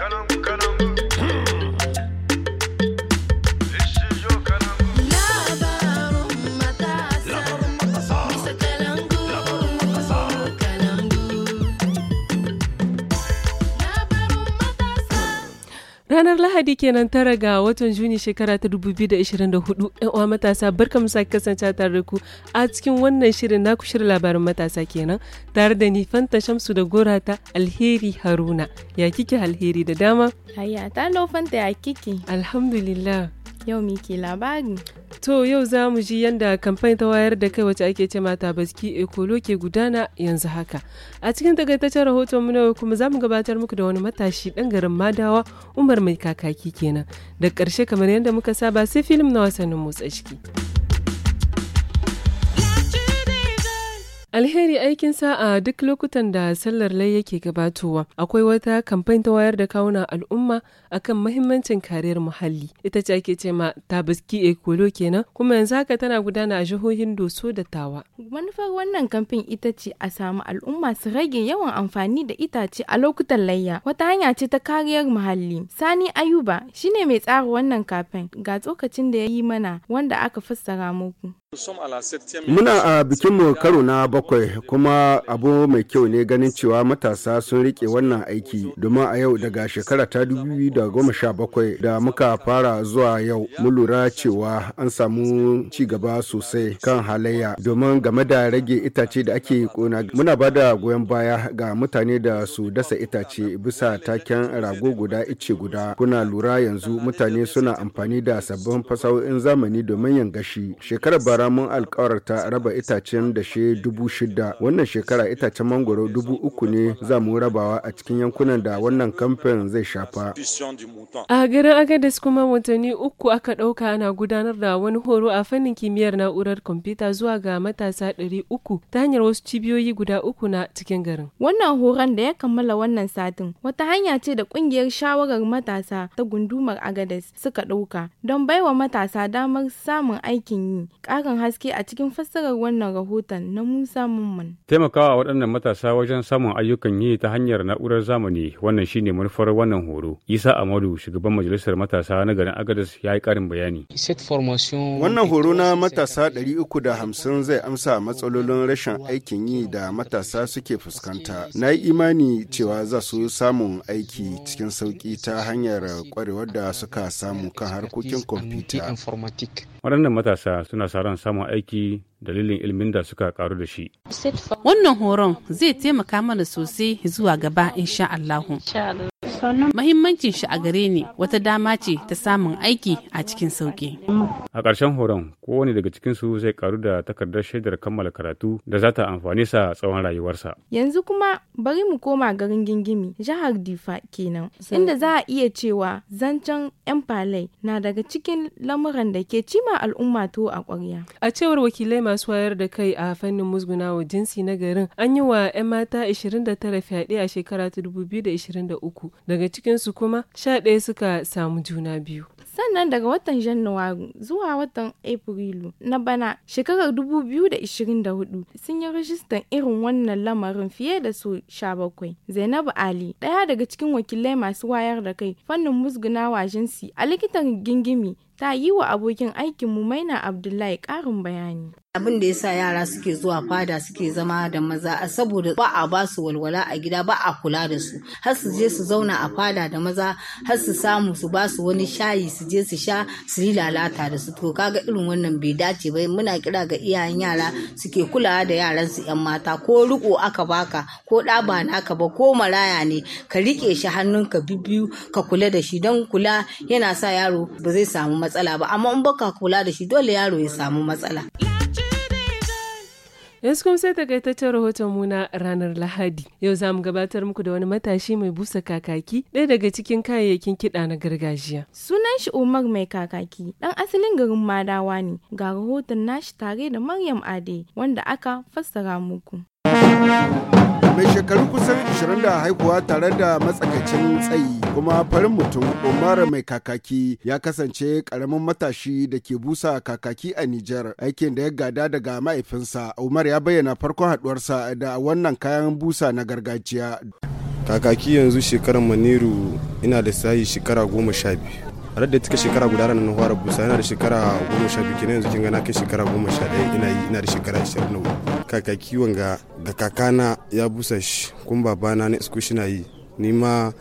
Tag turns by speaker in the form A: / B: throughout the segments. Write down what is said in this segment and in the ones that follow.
A: Gun on
B: Ranar Lahadi kenan tara ga watan Juni shekara ta 2024 'yan uwa matasa barkamu sake kasance tare da ku a cikin wannan shirin na ku shirin labarin matasa kenan tare da ni Fanta Shamsu da Gorata Alheri Haruna. Ya kike alheri da dama?
A: Hayya ta Fanta ya kike. Alhamdulillah. Yau mi labari?
B: To yau za mu ji yadda kamfani ta wayar da kai wacce ake ce mata baski ekolo ke gudana yanzu haka. A cikin takaitaccen rahoton mu yau kuma za mu gabatar muku da wani matashi ɗan garin Madawa Umar mai kakaki kenan. Da ƙarshe kamar yadda muka saba sai filim na wasannin motsa ciki. Alheri aikin sa'a duk lokutan da sallar lai yake gabatowa. Akwai wata kamfain ta wayar da kawunan al'umma akan mahimmancin kariyar muhalli. Ita ce ake ce ma Tabaski Ekolo kenan, kuma yanzu haka tana gudana a jihohin Doso da Tawa.
A: Manufar wannan kamfain ita ce a samu al'umma su rage yawan amfani da itace a lokutan layya. Wata hanya ce ta kariyar muhalli. Sani Ayuba shine mai tsara wannan kafin ga tsokacin da ya yi mana wanda aka fassara muku. Muna
C: a bikinmu karo na bakwai kuma abu mai kyau ne ganin cewa matasa sun rike wannan aiki domin a yau daga shekara ta 2017 da muka fara zuwa yau mun lura cewa an samu ci gaba sosai kan halayya domin game da rage itace da ake kona muna ba da goyon baya ga mutane da su dasa itace bisa taken rago guda ice guda kuna lura yanzu mutane suna amfani da sabbin fasahohin zamani domin gashi, shekarar bara bara mun ta raba itacen da shi dubu shida wannan shekara itacen mangoro dubu uku ne za mu rabawa a cikin yankunan da wannan kamfen zai shafa.
B: A garin agadis kuma watanni uku aka ɗauka ana gudanar da wani horo a fannin kimiyyar na'urar kwamfuta zuwa ga matasa ɗari uku ta hanyar wasu cibiyoyi guda uku na cikin garin.
A: Wannan horon da ya kammala wannan satin wata hanya ce da kungiyar shawarar matasa ta gundumar agadis suka ɗauka don baiwa matasa damar samun aikin yi ƙarin ƙarin haske a cikin fassarar wannan rahoton na Musa Mumman.
D: Taimakawa waɗannan matasa wajen samun ayyukan yi ta hanyar na'urar zamani wannan shine manufar wannan horo. Isa Amadu shugaban majalisar matasa na garin Agadez ya yi ƙarin bayani. Wannan horo
C: na matasa hamsin zai amsa matsalolin rashin aikin yi da matasa suke fuskanta. Na yi imani cewa za su samun aiki cikin sauki ta hanyar kwarewar da
D: suka samu kan harkokin kwamfuta. Waɗannan matasa suna sa ran samun aiki dalilin ilmin da suka karu da shi.
A: Wannan horon zai taimaka mana sosai zuwa gaba insha Allahu. Mahimmancin shi a gare ni wata dama ce ta samun aiki a cikin sauƙi.
D: A ƙarshen horon kowane daga cikinsu zai karu da takardar shaidar kammala karatu da za ta amfani sa tsawon rayuwarsa.
A: Yanzu kuma bari mu koma garin gingimi jihar Difa kenan inda za a iya cewa zancen 'yan falai na daga cikin lamuran da ke cima al'umma to a ƙwarya.
B: A cewar wakilai masu wayar da kai a fannin musgunawa jinsi na garin an yi wa 'yan mata 29 fyaɗe a shekara ta 2023 daga cikinsu kuma sha ɗaya suka samu juna biyu.
A: sannan daga watan janairu zuwa watan afrilu na bana shekarar 2024 sun yi rajistan irin wannan lamarin fiye da su 17 zainabu ali ɗaya daga cikin wakilai masu wayar da kai fannin musgunawa jinsi a likitan gingimi ta yi wa abokin aikinmu maina abdullahi ƙarin bayani abin da yasa yara suke zuwa fada suke zama da maza saboda ba a ba su walwala a gida ba a kula da su har su je su zauna a fada da maza har su samu su ba su wani shayi su je su sha su yi lalata da su to kaga irin wannan bai dace ba muna kira ga iyayen yara suke kulawa da yaran su yan mata ko riko aka baka ko ɗab'a ba naka ba ko maraya ne ka rike shi hannunka bibbiyu ka kula da shi don kula yana sa yaro ba zai samu matsala ba amma in baka kula da shi dole yaro ya samu matsala.
B: Yanzu kuma sai takaitaccen rahoton muna ranar Lahadi. Yau za mu gabatar muku da wani matashi mai busa kakaki ɗaya daga cikin kayayyakin kiɗa na gargajiya.
A: Sunan shi Umar mai kakaki ɗan asalin garin Madawa ne ga rahoton nashi tare da Maryam Ade wanda aka fassara muku.
C: mai shekaru kusan 20 da haihuwa tare da matsakaicin tsayi kuma farin mutum umar mai kakaki ya kasance karamin matashi da ke busa kakaki a niger aikin da ya gada daga mahaifinsa umar ya bayyana farkon haduwarsa da wannan kayan busa na gargajiya
D: kakaki yanzu shekarar maniru ina da sayi shekara goma sha biyu har da shekara guda ranar fara busa yana da shekara goma sha biyu kenan yanzu kin gana kai shekara goma sha ɗaya ina yi ina da shekara ashirin da hudu kaka kiwon ga ga kakana ya busa shi kuma babana na isko shi na yi ni ma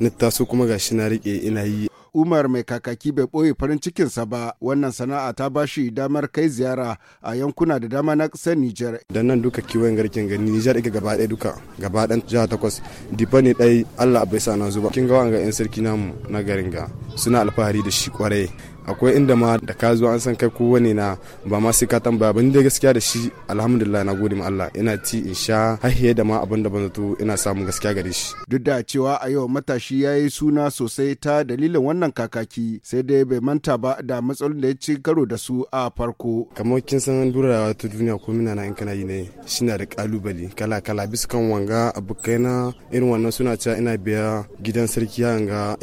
D: na taso kuma ga shi na riƙe ina yi Umar
C: mai kakaki bai ɓoye farin cikinsa ba wannan sana'a ta ba shi damar kai ziyara a
D: yankuna da dama na ƙasar Nijar. Da nan duka kiwon garkin gani Nijar ike gaba ɗaya duka gaba ɗan jiha takwas dipa ne ɗai Allah bai sa na zuba. Kin ga 'yan sarki namu na garin ga suna alfahari da shi kwarai akwai inda ma da ka zo an san kai wani na ba ma sai ka tambaya ba dai gaskiya da shi alhamdulillah na gode ma Allah ina ci in sha haihiye da ma abin da ban zato ina samun gaskiya gare shi
C: duk da cewa a yau matashi ya yi suna sosai ta dalilin wannan kakaki sai dai bai manta ba da matsalolin da ya ci karo da su a farko kamar kin san durawa
D: ta duniya ko mina na in kana yi ne na da kalubale kala kala bisa kan wanga abokaina irin wannan suna cewa ina biya gidan sarki ya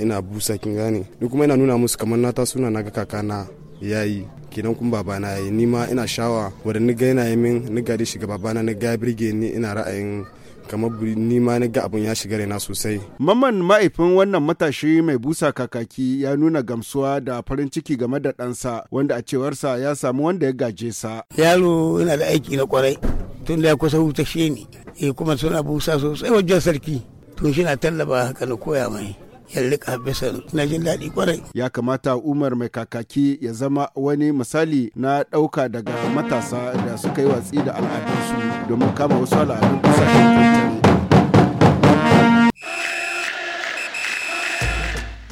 D: ina busa kin gane ni kuma ina nuna musu kamar na ta suna na ga kakana ya yi kenan kun babana ya yi ni ma ina shawa wadda ni ga yana yi min ni ga shiga babana ni ga birge ni ina ra'ayin kamar ni ma ni ga abun ya shiga na sosai.
C: mamman ma'aifin wannan matashi mai busa kakaki ya nuna gamsuwa da farin ciki game da ɗansa wanda a cewarsa ya samu wanda ya gaje sa.
D: Yaro yana da aiki na kwarai tun da ya kusa wuta shi ne eh, kuma suna busa sosai wajen sarki tun shi na tallaba haka na koya mai. ya rika bisa na jin daɗi kwarai. Ya
C: kamata Umar mai kakaki ya zama wani misali na ɗauka daga matasa da suka yi watsi da al'adunsu domin kama wasu al'adun ƙasashen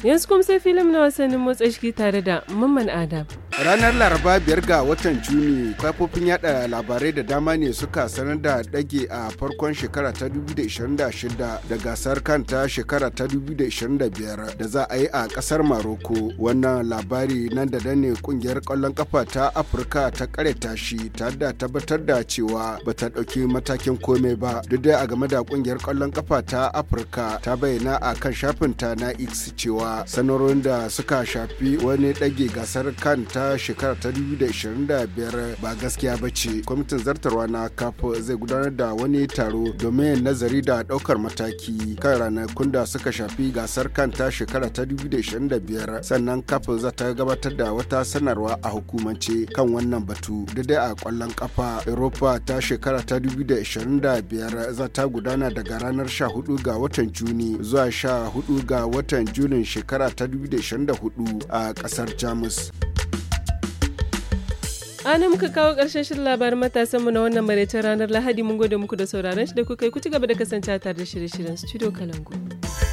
B: Yanzu kuma sai filim na wasannin motsa jiki tare da Mamman Adam.
C: ranar laraba biyar ga watan juni kafofin yada labarai da dama ne suka sanar da dage a farkon shekara ta 2026 da gasar kanta shekara ta 2025 da za a yi a kasar maroko wannan labari nan da ne kungiyar kwallon kafa ta afirka ta kare tashi, ta da tabbatar da cewa ba ta ɗauki matakin komai ba duk dai a game da kungiyar kwallon kafa ta afirka ta bayyana a kan shafin ta na x cewa sanarwar da suka shafi wani dage gasar kanta shekara ta 2025 ba gaskiya ba ce kwamitin zartarwa na kaf zai gudanar da wani taro domin nazari da daukar mataki kan ranakun da suka shafi gasar kanta shekara ta 2025 sannan kaf za ta gabatar da wata sanarwa a hukumance kan wannan batu daidai a kwallon kafa europa ta shekara ta 2025 za ta gudana daga ranar 14 ga watan juni zuwa 14 ga watan junin shekara ta 2024 a kasar jamus.
B: Ana muka kawo ƙarshen shirin labarin matasan mu na wannan maraicen ranar Lahadi mun gode muku da sauraron shi da kuka yi ku ci gaba da kasance tare da shirye-shiryen Studio Kalangu.